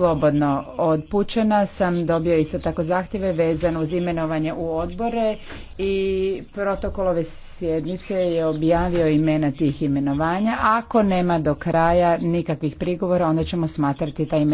slobodno. Od sam dobio isto tako zahtjeve vezano uz imenovanje u odbore i protokolove sjednice je objavio imena tih imenovanja. Ako nema do kraja nikakvih prigovora, onda ćemo smatrati ta imenovanja